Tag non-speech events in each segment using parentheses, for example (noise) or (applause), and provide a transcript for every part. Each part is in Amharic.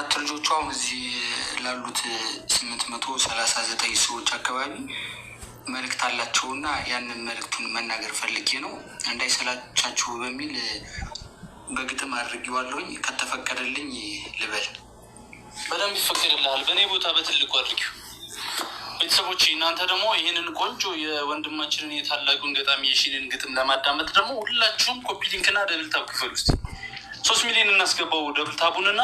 አራት ልጆቹ አሁን እዚህ ላሉት ስምንት መቶ ሰላሳ ዘጠኝ ሰዎች አካባቢ መልእክት አላቸው አላቸውና ያንን መልእክቱን መናገር ፈልጌ ነው እንዳይሰላቻችሁ በሚል በግጥም አድርጌዋለሁኝ። ከተፈቀደልኝ ልበል። በደንብ ይፈቀድልሃል። በእኔ ቦታ በትልቁ አድርጊው። ቤተሰቦች እናንተ ደግሞ ይህንን ቆንጆ የወንድማችንን የታላቁን ገጣሚ የሺንን ግጥም ለማዳመጥ ደግሞ ሁላችሁም ኮፒ ሊንክና ደብልታብ ክፍል ውስጥ ሶስት ሚሊዮን እናስገባው ደብል ታቡንና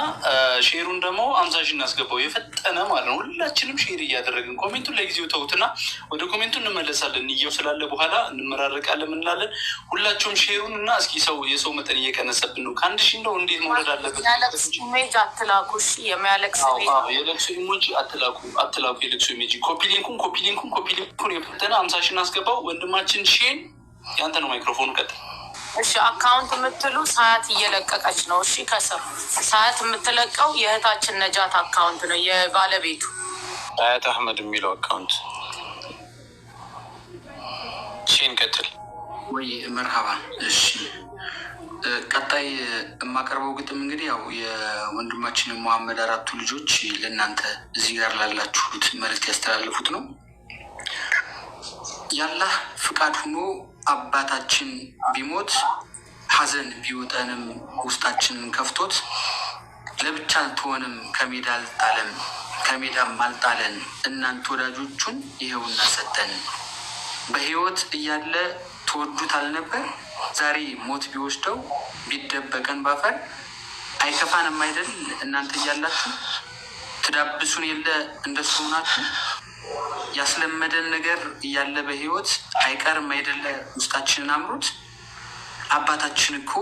ሼሩን ደግሞ አምሳሽ እናስገባው። የፈጠነ ማለት ነው። ሁላችንም ሼር እያደረግን ኮሜንቱን ለጊዜው ተውትና ወደ ኮሜንቱ እንመለሳለን። እየው ስላለ በኋላ እንመራረቃለን እንላለን። ሁላቸውም ሼሩን እና እስኪ ሰው የሰው መጠን እየቀነሰብን ነው። ከአንድ ሺ እንደው እንዴት መውረድ አለበት? የለቅሶ ኢሜጂ። ኮፒሊንኩን ኮፒሊንኩን ኮፒሊንኩን የፈጠነ አምሳሽ እናስገባው። ወንድማችን ሼን ያንተ ነው ማይክሮፎኑ ቀጥል እሺ አካውንት የምትሉ ሰዓት እየለቀቀች ነው። እሺ ከስር ሰዓት የምትለቀው የእህታችን ነጃት አካውንት ነው የባለቤቱ አያት አህመድ የሚለው አካውንት ሺን ቀጥል ወይ መርሃባ። እሺ ቀጣይ የማቀርበው ግጥም እንግዲህ ያው የወንድማችን መሐመድ አራቱ ልጆች ለእናንተ እዚህ ጋር ላላችሁት መልዕክት ያስተላለፉት ነው። ያላህ ፍቃድ ሁኖ አባታችን ቢሞት ሐዘን ቢውጠንም ውስጣችንን ከፍቶት ለብቻ አልትሆንም ከሜዳ አልጣለም ከሜዳም አልጣለን እናንተ ወዳጆቹን ይኸውና ሰጠን። በሕይወት እያለ ተወዱት አልነበር ዛሬ ሞት ቢወስደው ቢደበቀን ባፈር አይከፋንም አይደል እናንተ እያላችሁ ትዳብሱን የለ እንደሱ ሆናችሁ ያስለመደን ነገር እያለ በህይወት አይቀርም አይደለ? ውስጣችንን አምሮት አባታችን እኮ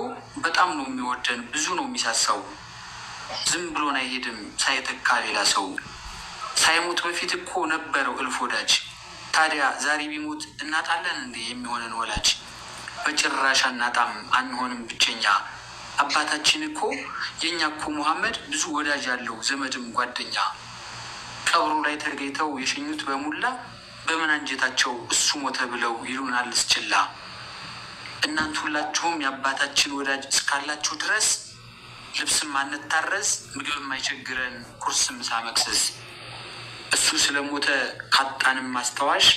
በጣም ነው የሚወደን፣ ብዙ ነው የሚሳሳው፣ ዝም ብሎን አይሄድም። ሳይተካ ሌላ ሰው ሳይሞት በፊት እኮ ነበረው እልፍ ወዳጅ። ታዲያ ዛሬ ቢሞት እናጣለን እንዴ የሚሆነን ወላጅ? በጭራሽ አናጣም፣ አንሆንም ብቸኛ። አባታችን እኮ የእኛ እኮ መሐመድ ብዙ ወዳጅ ያለው ዘመድም ጓደኛ ቀብሩ ላይ ተገኝተው የሸኙት በሙላ በምን አንጀታቸው እሱ ሞተ ብለው ይሉናል እስችላ። እናንት ሁላችሁም የአባታችን ወዳጅ እስካላችሁ ድረስ ልብስም ማንታረዝ ምግብ የማይቸግረን ምሳ ሳመክሰስ እሱ ስለሞተ ካጣንም ማስታዋሽ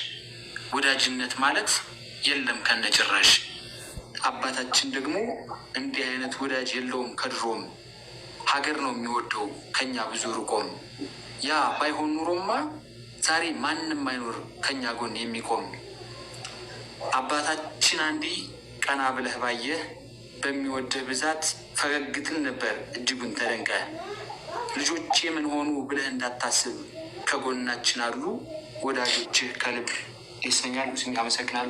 ወዳጅነት ማለት የለም ከነጭራሽ። አባታችን ደግሞ እንዲህ አይነት ወዳጅ የለውም ከድሮም ሀገር ነው የሚወደው ከኛ ብዙ ርቆም ያ ባይሆን ኑሮማ ዛሬ ማንም አይኖር ከኛ ጎን የሚቆም አባታችን። አንዴ ቀና ብለህ ባየህ በሚወድህ ብዛት ፈገግትል ነበር እጅጉን ተደንቀ። ልጆቼ ምን ሆኑ ብለህ እንዳታስብ ከጎናችን አሉ ወዳጆችህ ከልብ ይሰኛሉ። ስሚ አመሰግናሉ።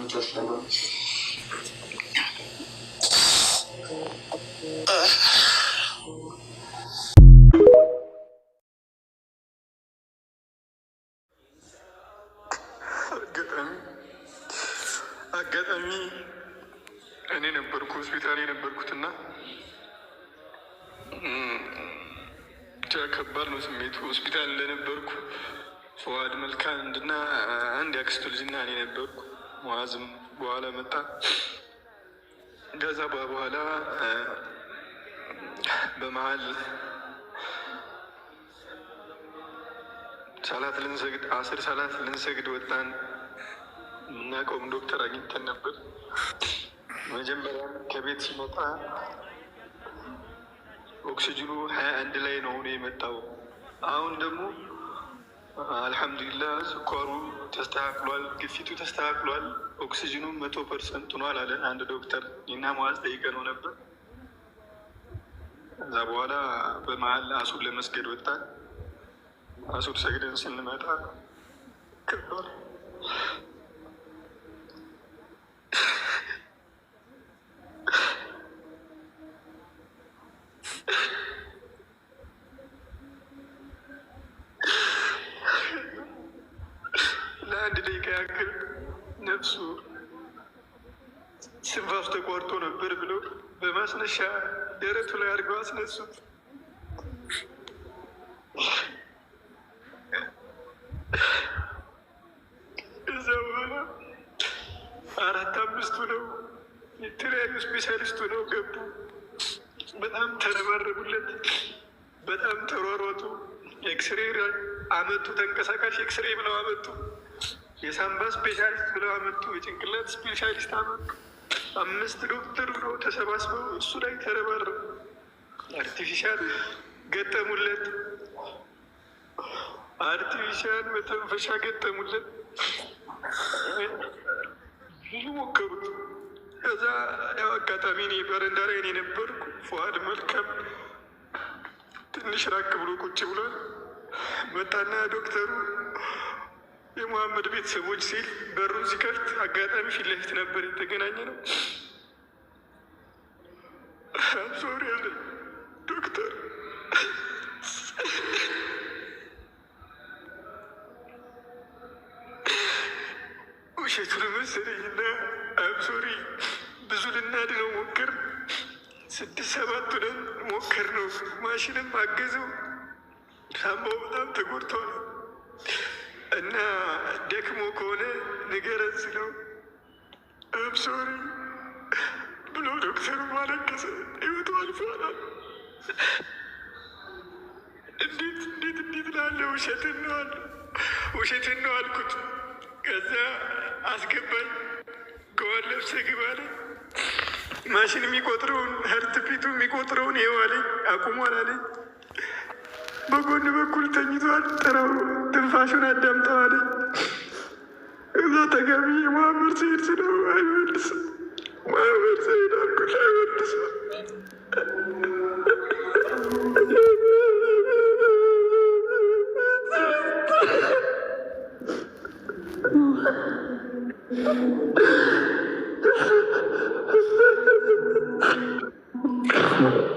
ብቻ ከባድ ነው ስሜቱ። ሆስፒታል እንደነበርኩ ፈዋድ መልካን እንድና አንድ ያክስቱ ልጅና እኔ ነበርኩ። መዋዝም በኋላ መጣ። ከዛ በኋላ በመሀል ሰላት ልንሰግድ አስር ሰላት ልንሰግድ ወጣን። የምናውቀውም ዶክተር አግኝተን ነበር። መጀመሪያም ከቤት ሲመጣ ኦክሲጅኑ ሀያ አንድ ላይ ነው ሆኖ የመጣው። አሁን ደግሞ አልሐምዱሊላ ስኳሩ ተስተካክሏል፣ ግፊቱ ተስተካክሏል፣ ኦክሲጅኑ መቶ ፐርሰንት ሆኗል አለን አንድ ዶክተር። እና መዋዝ ነው ነበር። እዛ በኋላ በመሀል አሱር ለመስገድ ወጣል። አሱር ሰግደን ስንመጣ ከባድ ሽንፋስ ተቋርጦ ነበር ብለው በማስነሻ ደረቱ ላይ አድርገው አስነሱት። እዛ በኋላ አራት አምስቱ ነው የተለያዩ ስፔሻሊስቱ ነው ገቡ። በጣም ተረባረቡለት፣ በጣም ተሯሯጡ። ኤክስሬ አመጡ፣ ተንቀሳቃሽ ኤክስሬ ብለው አመጡ፣ የሳምባ ስፔሻሊስት ብለው አመጡ፣ የጭንቅላት ስፔሻሊስት አመጡ። አምስት ዶክተር ነው ተሰባስበው እሱ ላይ ተረባረ አርቲፊሻል ገጠሙለት፣ አርቲፊሻል መተንፈሻ ገጠሙለት። ብዙ ሞከሩት። ከዛ ያው አጋጣሚ እኔ በረንዳ ላይ እኔ ነበርኩ። ፉአድ መልካም ትንሽ ራቅ ብሎ ቁጭ ብሏል። መጣና ዶክተሩ የሙሐመድ ቤተሰቦች ሲል በሩን ሲከፍት አጋጣሚ ፊት ለፊት ነበር የተገናኘ ነው። ሶሪ አለ ዶክተር። ውሸቱን መሰለኝና አብሶሪ ብዙ ልናድነው ሞከር ስድስት ነን ሞከር ነው። ማሽንም አገዘው። ሳምባው በጣም ተጎድተዋል። እና ደክሞ ከሆነ ንገረን ስለው እብሶሪ ብሎ ዶክተር ማለቀሰ። ህይወቱ አልፏል። እንዴት እንዴት እንዴት ላለ ውሸት ነው ውሸት ውሸትን ነው አልኩት። ከዛ አስገባኝ ከዋን ለብሰ ግባለ ማሽን የሚቆጥረውን ሀርትፒቱ የሚቆጥረውን ይኸው አለኝ። አቁሟል አለኝ በጎን በኩል ተኝቷል። ጥረው ትንፋሹን አዳምጠዋል። እዛ ተገቢ የመሐመድ ሰይድ ስለው አይመልስ ማህበር ሰይድ አልኩት አይመልስ Thank (laughs) you.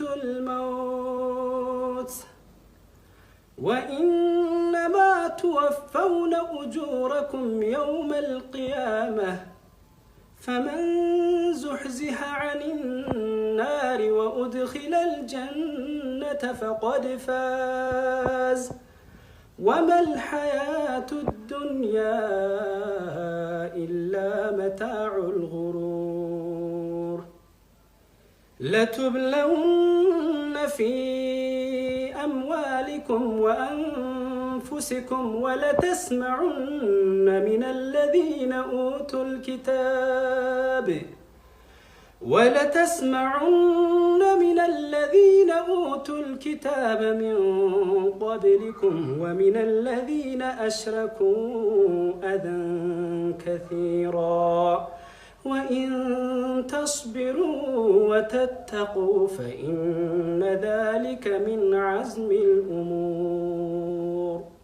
الموت وإنما توفون أجوركم يوم القيامة فمن زحزح عن النار وأدخل الجنة فقد فاز وما الحياة الدنيا لتبلون في أموالكم وأنفسكم ولتسمعن من الذين أوتوا الكتاب ولتسمعن من الذين أوتوا الكتاب من قبلكم ومن الذين أشركوا أذى كثيراً وإن تصبروا وتتقوا فإن ذلك من عزم الأمور